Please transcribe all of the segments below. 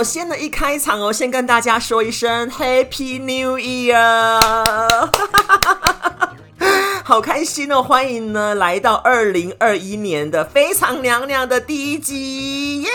我先呢，一開場哦，先跟大家說一聲 Happy New Year， 好開心哦！歡迎呢來到二零二一年的《非常娘娘》的第一集，耶、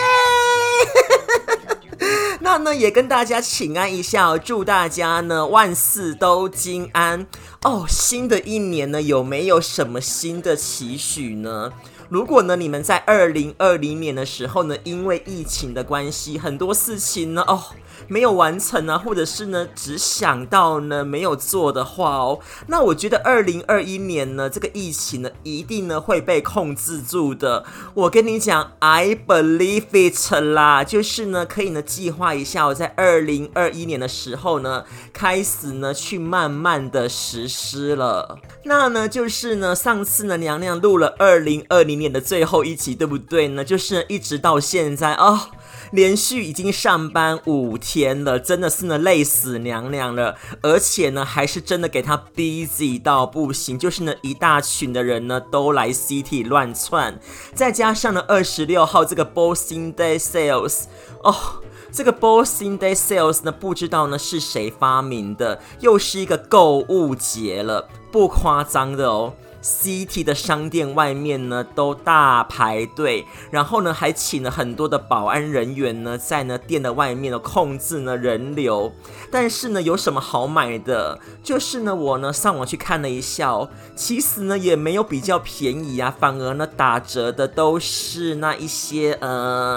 yeah! 那呢也跟大家請安一下、哦、祝大家呢萬事都金安哦！新的一年呢有沒有什麼新的期許呢？如果呢，你們在二零二零年的時候呢，因為疫情的關係，很多事情呢哦沒有完成呢、啊，或者是呢只想到呢沒有做的話哦，那我覺得二零二一年呢，這個疫情呢一定呢會被控制住的。我跟你講，I believe it 啦，就是呢可以呢計劃一下，我在二零二一年的時候呢，開始呢去慢慢的實施了。那呢就是呢上次呢娘娘錄了二零二零。年的最後一集，對不對呢？就是一直到現在哦，連續已經上班五天了，真的是呢累死娘娘了，而且呢還是真的給他 busy 到不行，就是呢一大群的人呢都來 city 亂竄，再加上呢二十六號這個 Boxing Day Sales，哦，這個 Boxing Day Sales 呢不知道呢是誰發明的，又是一個購物節了，不誇張的哦。City 的商店外面呢都大排隊，然後呢還請了很多的保安人員呢，在呢店的外面呢控制呢人流。但是呢有什麼好買的？就是呢我呢上網去看了一下哦，其實呢也沒有比較便宜啊，反而呢打折的都是那一些嗯、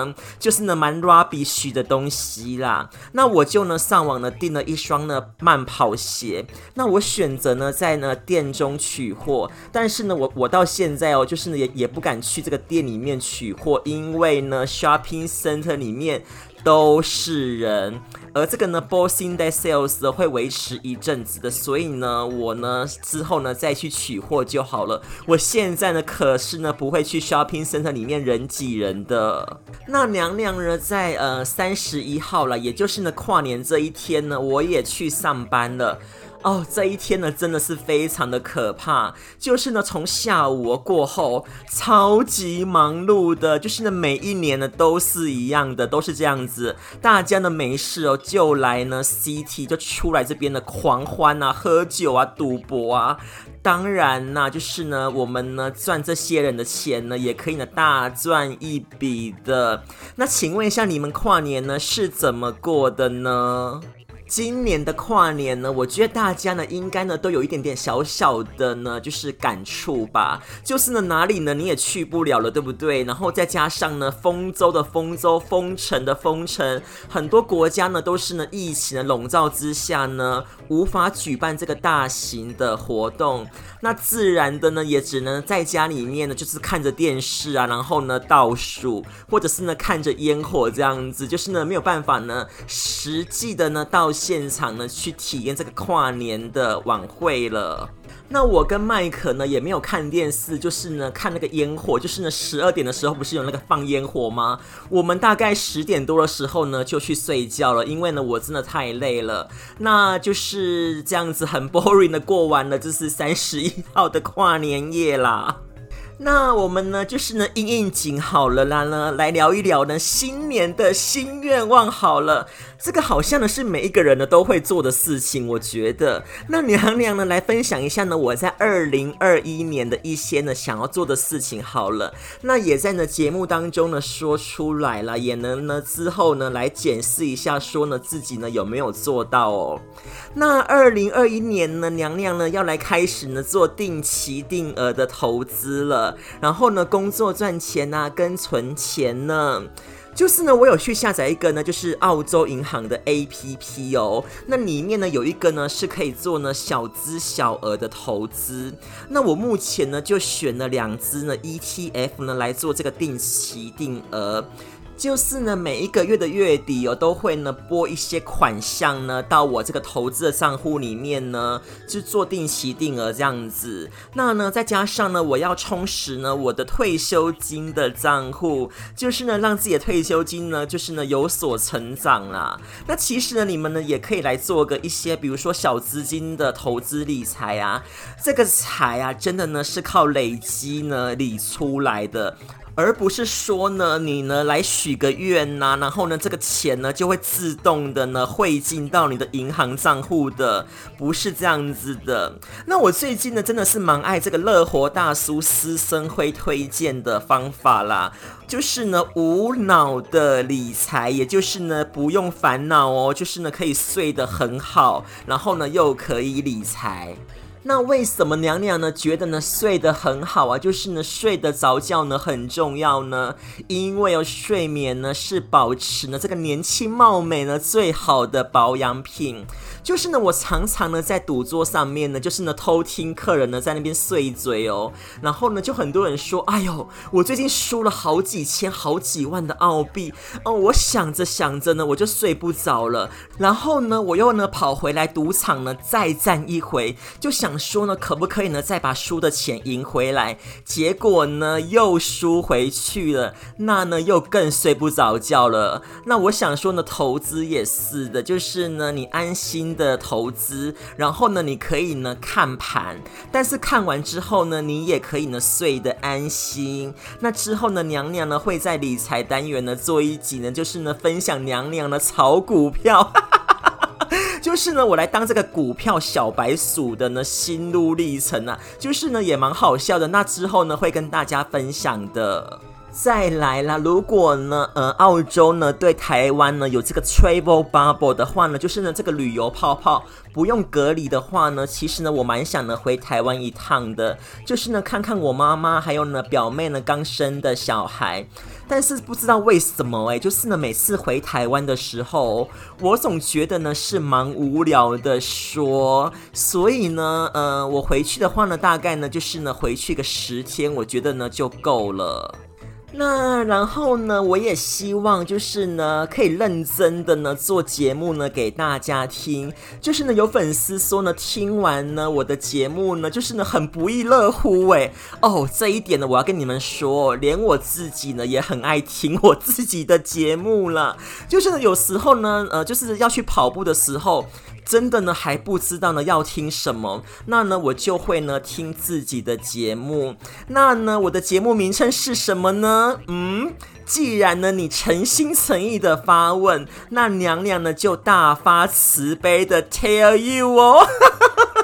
呃，就是呢蠻 rubbish 的東西啦。那我就呢上網呢訂了一雙呢慢跑鞋，那我選擇呢在呢店中取貨。但但是呢，我我到現在哦，就是呢也也不敢去這個店裡面取貨，因為呢 shopping center 裡面都是人，而這個呢 Boxing Day sales 呢會維持一陣子的，所以呢我呢之後呢再去取貨就好了。我現在呢可是呢不會去 shopping center 裡面人擠人的。那娘娘呢在呃三十一號了，也就是呢跨年這一天呢，我也去上班了。哦，這一天呢真的是非常的可怕，就是呢從下午過後超級忙碌的，就是呢每一年呢都是一樣的，都是這樣子，大家呢沒事哦就來呢 city 就出來這邊的狂歡啊，喝酒啊，賭博啊，當然啦、啊，就是呢我們呢賺這些人的錢呢也可以呢大賺一筆的。那請問一下你們跨年呢是怎麼過的呢？今年的跨年呢，我覺得大家呢應該呢都有一點點小小的呢，就是感觸吧。就是呢哪裡呢你也去不了了，對不對？然後再加上呢封州的封州，封城的封城，很多國家呢都是呢疫情的籠罩之下呢，無法舉辦這個大型的活動。那自然的呢也只能在家裡面呢，就是看着電視啊，然後呢倒數，或者是呢看着煙火這樣子，就是呢沒有辦法呢實際的呢到。倒現場呢去體驗這個跨年的晚會了。那我跟麥克呢也沒有看電視，就是呢看那個煙火，就是呢十二點的時候不是有那個放煙火嗎？我們大概十點多的時候呢就去睡覺了，因為呢我真的太累了。那就是這樣子很 boring 的過完了，就是三十一號的跨年夜啦。那我們呢，就是呢應應景好了啦呢，來聊一聊呢新年的新願望好了。這個好像呢是每一個人呢都會做的事情，我覺得。那娘娘呢來分享一下呢我在二零二一年的一些呢想要做的事情好了。那也在呢節目當中呢說出來啦，也能呢之後呢來檢視一下說呢自己呢有沒有做到哦。那二零二一年呢娘娘呢要來開始呢做定期定額的投資了。然後呢，工作賺錢吶、啊，跟存錢呢，就是呢，我有去下載一個呢，就是澳洲銀行的 A P P 哦，那裡面呢有一個呢是可以做呢小資小額的投資，那我目前呢就選了兩隻呢 E T F 呢，來做這個定期定額，就是呢，每一個月的月底哦，都會呢撥一些款項呢到我這個投資的賬戶裡面呢，就做定期定額這樣子。那呢，再加上呢，我要充實呢我的退休金的賬戶，就是呢讓自己的退休金呢就是呢有所成長啦啊。那其實呢，你們呢也可以來做個一些，比如說小資金的投資理財啊，這個財啊，真的呢是靠累積呢理出來的。而不是說呢，你呢來許個願吶、啊，然後呢，這個錢呢就會自動的呢匯進到你的銀行賬戶的，不是這樣子的。那我最近呢真的是蠻愛這個樂活大叔施昇輝推薦的方法啦，就是呢無腦的理財，也就是呢不用煩惱哦，就是呢可以睡得很好，然後呢又可以理財。那為什麼娘娘呢覺得呢睡得很好啊？就是呢睡得着覺呢很重要呢，因為哦睡眠呢是保持呢這個年輕貌美呢最好的保養品。就是呢我常常呢在賭桌上面呢，就是呢偷聽客人呢在那邊碎嘴哦，然後呢就很多人說，哎呦我最近輸了好幾千、好幾萬的澳幣哦，我想着想着呢我就睡不着了，然後呢我又呢跑回來賭場呢再戰一回，就想。想說呢，可不可以呢？再把輸的錢贏回來？結果呢，又輸回去了。那呢，又更睡不着覺了。那我想說呢，投資也是的，就是呢，你安心的投資，然後呢，你可以呢看盤，但是看完之後呢，你也可以呢睡得安心。那之後呢，娘娘呢會在理財單元呢做一集呢，就是呢分享娘娘的炒股票。 就是呢，我來當這個股票小白鼠的呢心路歷程啊，就是呢也蠻好笑的。那之後呢會跟大家分享的。再來啦！如果呢，呃，澳洲呢對台灣呢有這個 travel bubble 的話呢，就是呢這個旅遊泡泡不用隔離的話呢，其實呢我蠻想呢回台灣一趟的，就是呢看看我媽媽還有呢表妹呢剛生的小孩。但是不知道為什麼欸，就是呢每次回台灣的時候，我總覺得呢是蠻無聊的說。所以呢，呃，我回去的話呢，大概呢就是呢回去個十天，我覺得呢就夠了。那然後呢，我也希望就是呢，可以認真的呢做節目呢給大家聽，就是呢有粉絲說呢聽完呢我的節目呢，就是呢很不亦樂乎誒哦，這一點呢我要跟你們說，連我自己呢也很愛聽我自己的節目了，就是呢，有時候呢呃就是要去跑步的時候。真的呢還不知道呢要聽什麼，那呢我就會呢聽自己的節目，那呢我的節目名稱是什麼呢？嗯，既然呢你誠心誠意的發問，那娘娘呢就大發慈悲的 tell you 哦。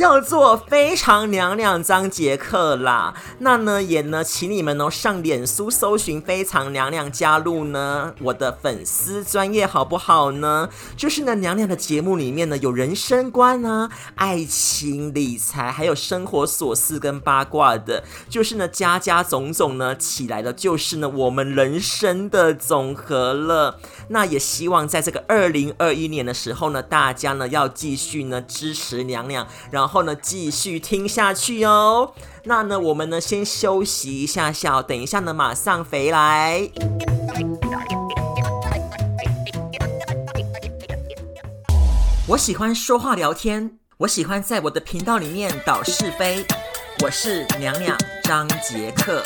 叫做非常娘娘張杰克啦，那呢也呢，請你們哦上臉書搜尋非常娘娘，加入呢我的粉絲專頁好不好呢？就是呢娘娘的節目裡面呢有人生觀啊、愛情、理財，還有生活瑣事跟八卦的，就是呢加加總總呢起來的，就是呢我們人生的總和了。那也希望在這個二零二一年的時候呢，大家呢要繼續呢支持娘娘，然後。然後呢，繼續聽下去哦。那呢，我們呢先休息一下下，等一下呢馬上回來。我喜歡說話聊天，我喜歡在我的頻道裡面倒是非。我是娘娘張傑克。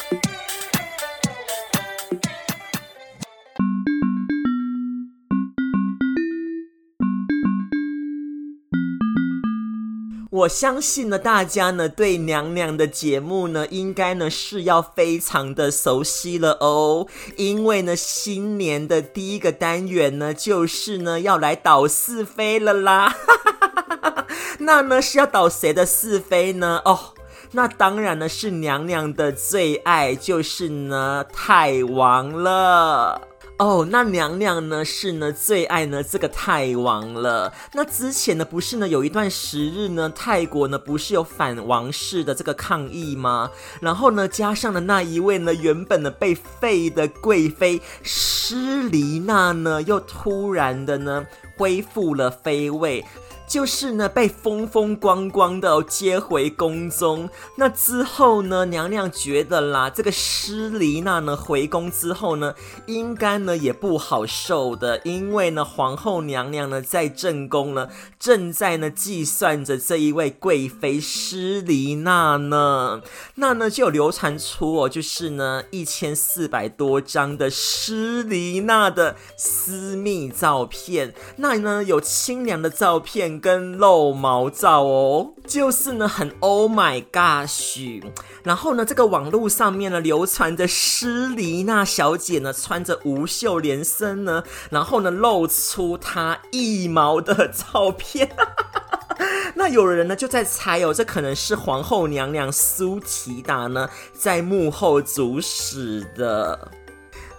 我相信呢，大家呢對娘娘的節目呢，應該呢是要非常的熟悉了哦。因為呢，新年的第一個單元呢，就是呢要來倒是非了啦。 那呢是要倒誰的是非呢？哦，那當然呢是娘娘的最愛，就是呢泰王了。哦、oh，那娘娘呢？是呢，最愛呢這個泰王了。那之前呢，不是呢有一段時日呢，泰國呢不是有反王室的這個抗議嗎？然後呢，加上了那一位呢原本呢被廢的貴妃施麗娜呢，又突然的呢恢復了妃位。就是呢，被風風光光的、哦、接回宮中。那之後呢，娘娘覺得啦，這個施禮娜呢回宮之後呢，應該呢也不好受的，因為呢皇後娘娘呢在正宮呢正在呢計算着這一位貴妃施禮娜呢。那呢就有流傳出哦，就是呢一千四百多張的施禮娜的私密照片，那呢有清涼的照片。跟露毛照哦，就是呢很 Oh my gosh，然後呢這個網絡上面呢流傳着施麗娜小姐呢穿着無袖連身呢，然後呢露出她腋毛的照片， 那有人呢就在猜哦，這可能是皇後娘娘蘇提達呢在幕後主使的。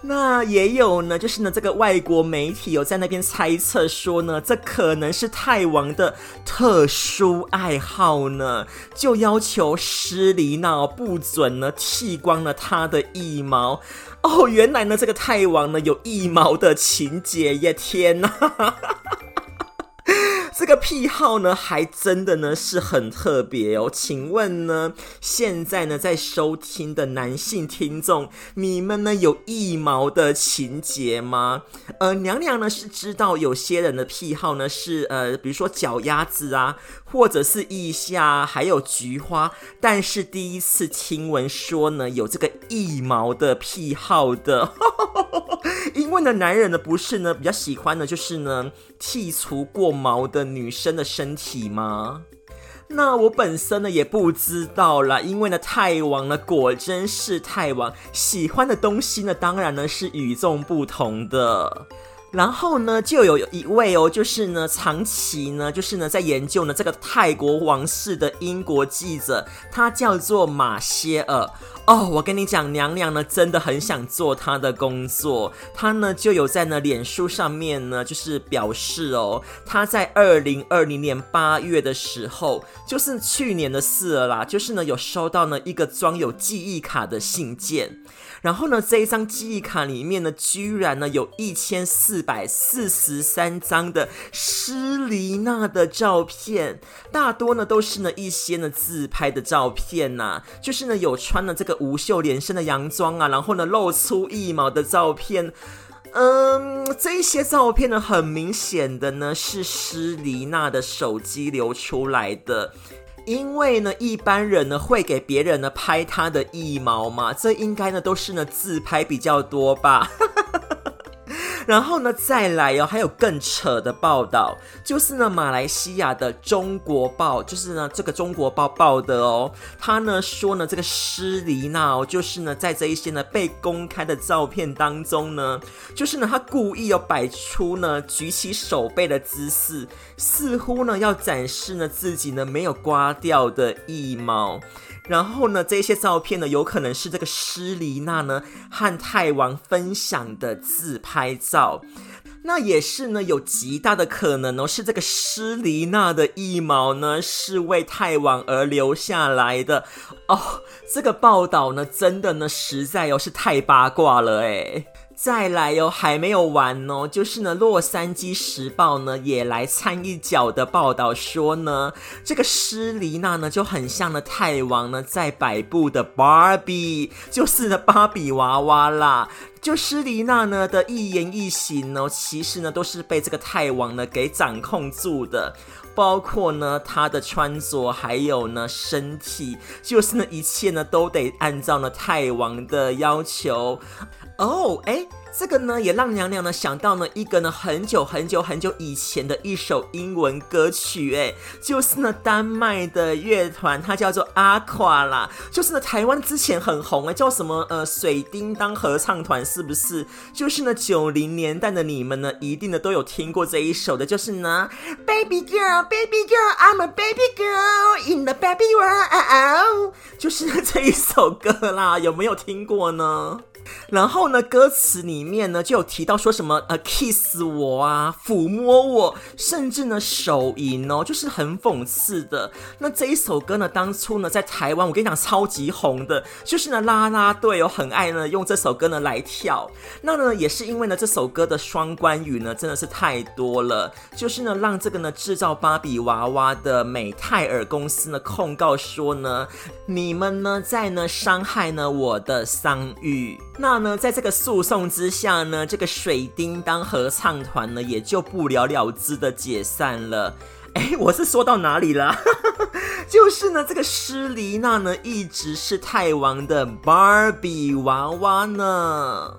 那也有呢，就是呢，這個外國媒體有在那邊猜測說呢，這可能是泰王的特殊愛好呢，就要求施里那不准呢剃光了他的腋毛。哦，原來呢這個泰王呢有腋毛的情節耶，天哪 這個癖好呢，還真的呢是很特別哦。請問呢，現在呢在收聽的男性聽眾，你們呢有腋毛的情節嗎？呃，娘娘呢是知道有些人的癖好呢是呃，比如說腳丫子啊。或者是腋下，還有菊花，但是第一次聽聞說呢，有這個腋毛的癖好的， 因為呢，男人呢不是呢比較喜歡呢就是呢剔除過毛的女生的身體嗎？那我本身呢也不知道啦，因為呢，泰王呢果真是泰王，喜歡的東西呢，當然呢是與眾不同的。然後呢，就有一位哦，就是呢，長期呢，就是呢，在研究呢這個泰國王室的英國記者，他叫做馬歇爾哦。我跟你講，娘娘呢真的很想做他的工作。他呢就有在呢臉書上面呢，就是表示哦，他在二零二零年八月的時候，就是去年的事啦，就是呢有收到呢一個裝有記憶卡的信件。然後呢，這一張記憶卡裡面呢，居然呢有一千四百四十三張的施麗娜的照片，大多呢都是呢一些呢自拍的照片吶、啊，就是呢有穿了這個無袖連身的洋裝啊，然後呢露出腋毛的照片，嗯，這些照片呢很明顯的呢是施麗娜的手機流出來的。因為呢，一般人呢會給別人呢拍他的腋毛嘛，這應該呢都是呢自拍比較多吧。 然後呢，再來哦，還有更扯的報道，就是呢，馬來西亞的《中國報》，就是呢，這個《中國報》報的哦，他呢說呢，這個詩妮娜哦，就是呢，在這一些呢被公開的照片當中呢，就是呢，他故意要擺出呢舉起手背的姿勢，似乎呢要展示呢自己呢沒有刮掉的腋毛。然後呢，這些照片呢，有可能是這個施麗娜呢和泰王分享的自拍照，那也是呢有極大的可能哦，是這個施麗娜的腋毛呢是為泰王而留下來的哦。這個報道呢，真的呢實在哦是太八卦了誒再來喲、哦，還沒有完哦。就是呢，《洛杉磯時報》呢也來參一腳的報道說呢，這個詩麗娜呢就很像呢，泰王呢在擺佈的芭比，就是呢芭比娃娃啦。就詩麗娜呢的一言一行呢、哦，其實呢都是被這個泰王呢給掌控住的，包括呢她的穿着，還有呢身體，就是呢一切呢都得按照呢泰王的要求。哦，哎，這個呢，也讓娘娘呢想到呢一個呢很久很久很久以前的一首英文歌曲、欸，哎，就是呢丹麥的樂團，它叫做 Aqua 啦，就是呢台灣之前很紅啊、欸，叫什麼呃水叮當合唱團，是不是？就是呢九零年代的你們呢，一定呢都有聽過這一首的，就是呢 Baby Girl，Baby Girl，I'm a Baby Girl in the Baby World，、uh-oh. 就是呢這一首歌啦，有沒有聽過呢？然後呢，歌詞裡面呢就有提到說什麼呃，kiss 我啊，撫摸我，甚至呢手淫哦，就是很諷刺的。那這一首歌呢，當初呢在台灣，我跟你講超級紅的，就是呢拉拉隊哦很愛呢用這首歌呢來跳。那呢也是因為呢這首歌的雙關語呢真的是太多了，就是呢讓這個呢制造芭比娃娃的美泰爾公司呢控告說呢，你們呢在呢傷害呢我的商譽。那呢，在這個訴訟之下呢，這個水叮當合唱團呢，也就不了了之的解散了。誒、欸、我是說到哪裡啦？ 就是呢，這個詩麗娜呢，一直是泰王的芭比娃娃呢。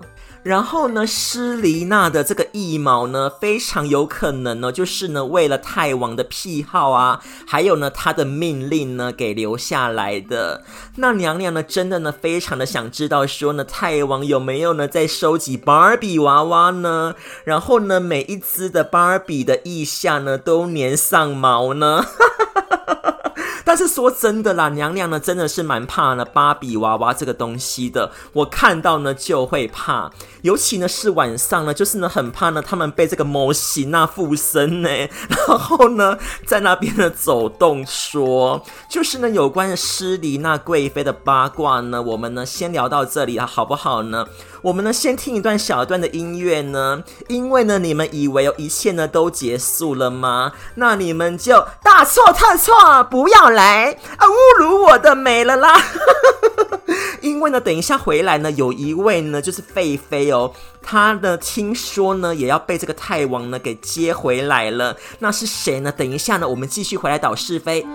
然後呢，施麗娜的這個腋毛呢，非常有可能呢，就是呢，為了泰王的癖好啊，還有呢，他的命令呢，給留下來的。那娘娘呢，真的呢，非常的想知道說呢，泰王有沒有呢，在收集芭比娃娃呢？然後呢，每一隻的芭比的腋下呢，都粘上毛呢？ 但是說真的啦，娘娘呢，真的是蠻怕呢，芭比娃娃這個東西的，我看到呢就會怕，尤其呢是晚上呢，就是呢很怕呢他們被這個模型那附身呢、欸，然後呢在那邊呢走動說，說就是呢有關詩妮娜貴妃的八卦呢，我們呢先聊到這裡啊，好不好呢？我們呢，先聽一段小段的音樂呢，因為呢，你們以為哦，一切呢都結束了嗎？那你們就大錯特錯，不要來啊，侮辱我的美了啦！ 因為呢，等一下回來呢，有一位呢就是廢妃哦，她呢聽說呢也要被這個泰王呢給接回來了，那是誰呢？等一下呢，我們繼續回來倒是非。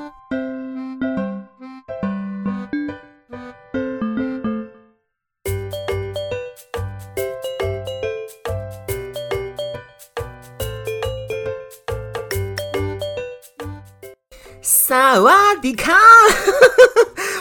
那哇，迪卡，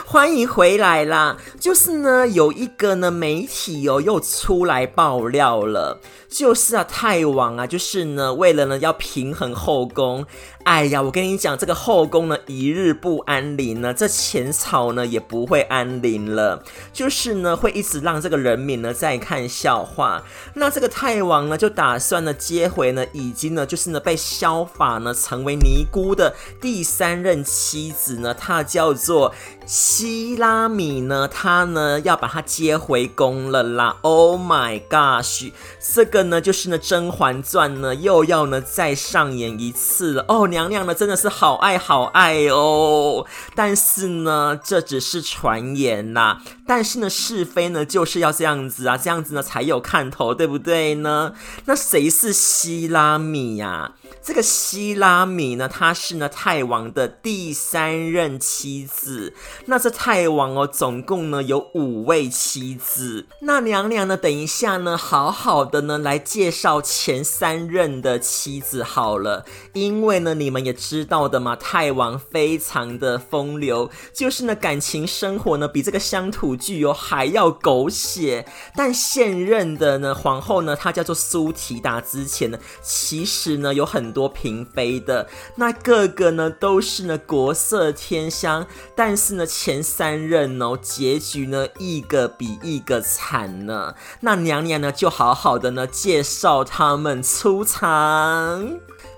歡迎回來啦！就是呢，有一個呢媒體哦，又出來爆料了，就是啊，泰王啊，就是呢，為了呢要平衡後宮。哎呀，我跟你講，這個後宮呢一日不安寧呢，這前朝呢也不會安寧了。就是呢會一直讓這個人民呢在看笑話。那這個泰王呢就打算呢接回呢已經呢就是呢被削髮呢成為尼姑的第三任妻子呢，她叫做西拉米呢，她呢要把她接回宮了啦。Oh my gosh，這個呢就是呢《甄嬛傳》呢又要呢再上演一次了。哦，娘。娘娘呢，真的是好愛好愛哦。但是呢，這只是傳言吶、啊。但是呢，是非呢就是要這樣子啊，這樣子呢才有看頭，對不對呢？那誰是西拉米呀、啊？這個西拉米呢，她是呢泰王的第三任妻子。那這泰王哦，總共呢有五位妻子。那娘娘呢，等一下呢，好好的呢來介紹前三任的妻子好了。因為呢，你們也知道的嘛，泰王非常的風流，就是呢感情生活呢比這個鄉土劇哦還要狗血。但現任的呢皇後呢，她叫做蘇提達。之前呢，其實呢有很很多嬪妃的，那各個呢都是呢國色天香，但是呢前三任哦結局呢一個比一個慘呢，那娘娘呢就好好的呢介紹他們出場。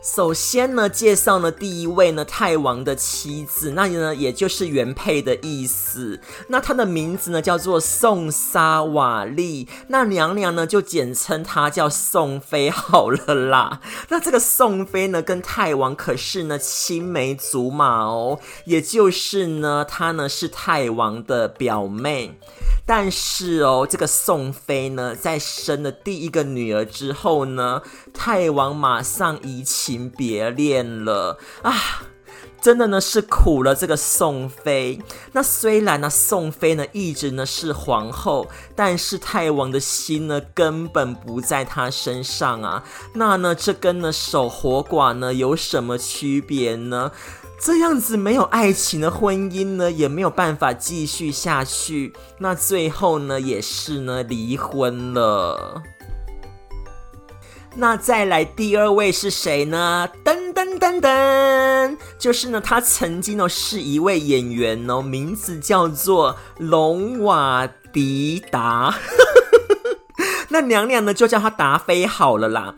首先呢，介紹了第一位呢，泰王的妻子，那也呢也就是原配的意思。那她的名字呢叫做宋沙瓦麗，那娘娘呢就簡稱她叫宋妃好了啦。那這個宋妃呢跟泰王可是呢青梅竹馬哦，也就是呢她呢是泰王的表妹。但是哦，這個宋妃呢在生了第一個女兒之後呢，泰王馬上遺棄。別戀了啊！真的呢是苦了這個宋妃。那雖然呢宋妃呢一直呢是皇後，但是泰王的心呢根本不在他身上啊。那呢這跟呢守活寡呢有什麼區別呢？這樣子沒有愛情的婚姻呢也沒有辦法繼續下去。那最後呢也是呢離婚了。那再來第二位是誰呢？噔噔噔噔，就是呢，他曾經呢、哦，是一位演員哦，名字叫做龍瓦迪達， 那娘娘呢就叫他達飛好了啦。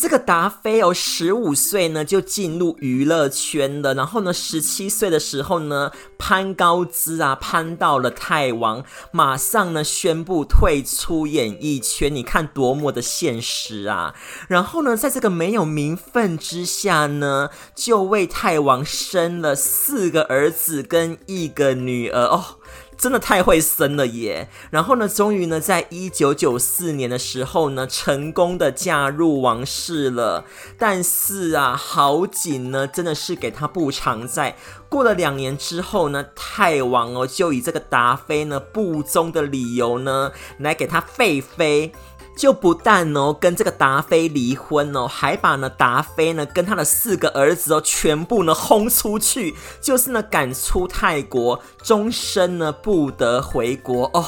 這個達菲哦，十五歲呢就進入娛樂圈了，然後呢，十七歲的時候呢攀高枝啊，攀到了泰王，馬上呢宣布退出演藝圈，你看多麽的現實啊！然後呢，在這個沒有名分之下呢，就為泰王生了四個兒子跟一個女兒哦。真的太會生了耶！然後呢，終於呢，在一九九四年的時候呢，成功的嫁入王室了。但是啊，好景呢，真的是給他不常在。過了兩年之後呢，泰王哦，就以這個達妃呢不忠的理由呢，來給她廢妃。就不但哦跟這個達菲離婚哦，還把呢達菲呢跟他的四個兒子哦全部呢轟出去，就是呢趕出泰國，終身呢不得回國哦。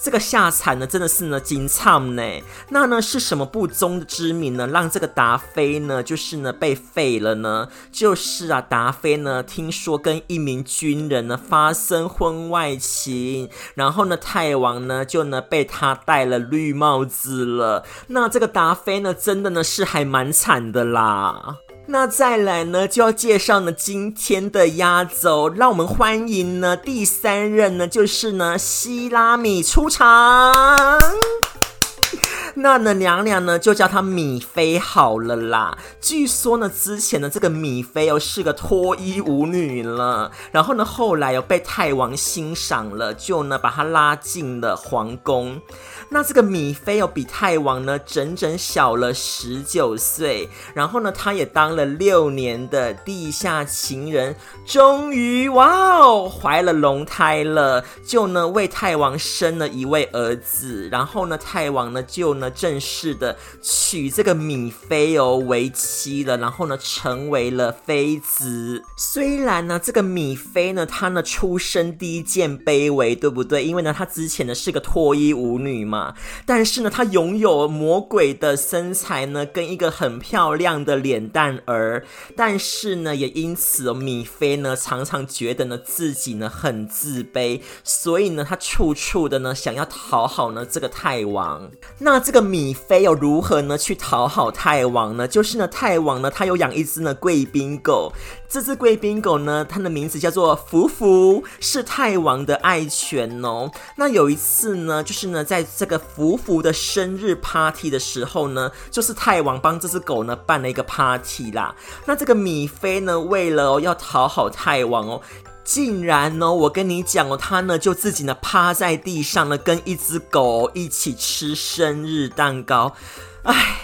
這個下場呢，真的是呢，驚慘呢。那呢，是什麼不忠之名呢，讓這個達菲呢，就是呢，被廢了呢？就是啊，達菲呢，聽說跟一名軍人呢，發生婚外情，然後呢，泰王呢，就呢，被他戴了綠帽子了。那這個達菲呢，真的呢，是還蠻慘的啦。那再來呢，就要介紹呢今天的壓軸，讓我們歡迎呢第三任呢，就是呢西拉米出場。 那呢，娘娘呢就叫她米妃好了啦。據說呢，之前的這個米妃哦是個脫衣舞女了。然後呢，後來又、哦、被泰王欣賞了，就呢把她拉進了皇宮。那這個米妃又、哦、比泰王呢整整小了十九歲。然後呢，她也當了六年的地下情人，終於哇哦懷了龍胎了，就呢為泰王生了一位兒子。然後呢，泰王呢就呢。正式的娶這個米妃哦為妻了，然後呢成為了妃子。雖然呢，這個米妃呢，她呢出身低賤卑微，對不對？因為呢，她之前呢是個脫衣舞女嘛。但是呢，她擁有魔鬼的身材呢，跟一個很漂亮的臉蛋兒。但是呢，也因此、哦、米妃呢，常常覺得呢自己呢很自卑，所以呢，她處處的呢想要討好呢這個泰王。那這個。這個、米菲又、哦、如何呢？去討好泰王呢？就是呢，泰王呢，他有養一隻呢貴賓狗，這隻貴賓狗呢，它的名字叫做福福，是泰王的愛犬哦。那有一次呢，就是呢，在這個福福的生日 party 的時候呢，就是泰王幫這隻狗呢辦了一個 party 啦。那這個米菲呢，為了哦要討好泰王哦。竟然呢、哦，我跟你講哦，他呢就自己呢趴在地上呢，跟一隻狗、哦、一起吃生日蛋糕，哎，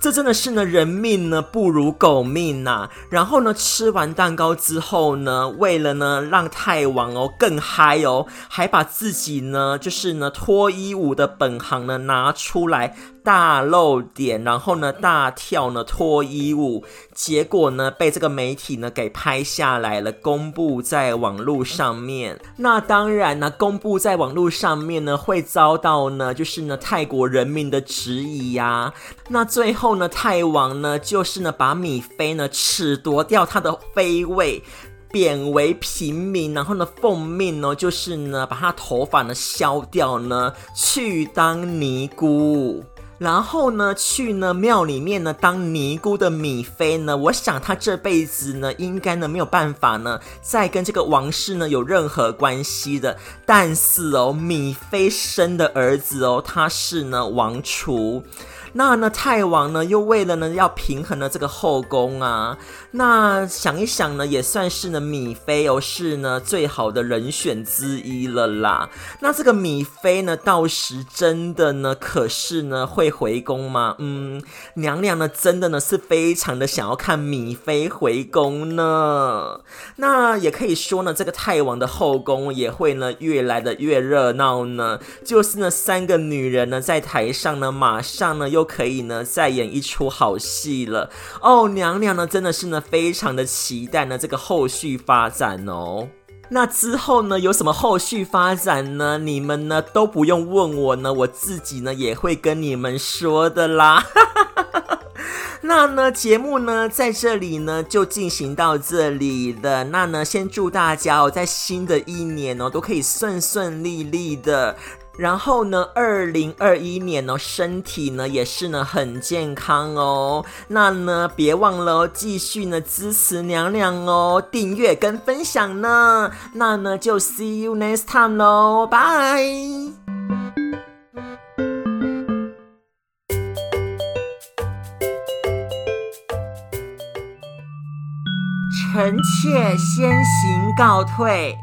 這真的是呢人命呢不如狗命吶、啊。然後呢吃完蛋糕之後呢，為了呢讓泰王哦更嗨哦，還把自己呢就是呢脫衣舞的本行呢拿出來。大露點，然後呢，大跳呢脫衣舞，結果呢被這個媒體呢給拍下來了，公布在網絡上面。那當然呢，公布在網絡上面呢，會遭到呢就是呢泰國人民的質疑呀、啊。那最後呢，泰王呢就是呢把米妃呢褫奪掉他的妃位，貶為平民，然後呢奉命呢就是呢把他頭髮呢削掉呢去當尼姑。然後呢，去呢廟裡面呢當尼姑的米菲呢，我想她這輩子呢應該呢沒有辦法呢再跟這個王室呢有任何關係的。但是哦，米菲生的兒子哦，他是呢王儲。那呢，泰王呢又為了呢要平衡呢這個後宮啊，那想一想呢也算是呢米妃哦，是呢最好的人選之一了啦。那這個米妃呢到時真的呢可是呢會回宮嗎？嗯，娘娘呢真的呢是非常的想要看米妃回宮呢。那也可以說呢這個泰王的後宮也會呢越來的越熱鬧呢。就是呢三個女人呢在台上呢馬上呢又。可以呢，再演一出好戲了哦！娘娘呢，真的是呢，非常的期待呢這個後續發展哦。那之後呢，有什麼後續發展呢？你們呢都不用問我呢，我自己呢也會跟你們說的啦。 那呢，節目呢在這裡呢就進行到這裡了。那呢，先祝大家哦，在新的一年哦都可以順順利利的。然後呢，二零二一年哦，身體呢也是呢很健康哦。那呢，別忘了哦，繼續呢支持娘娘哦，訂閱跟分享呢。那呢就 see you next time 哦，拜。 臣妾先行告退。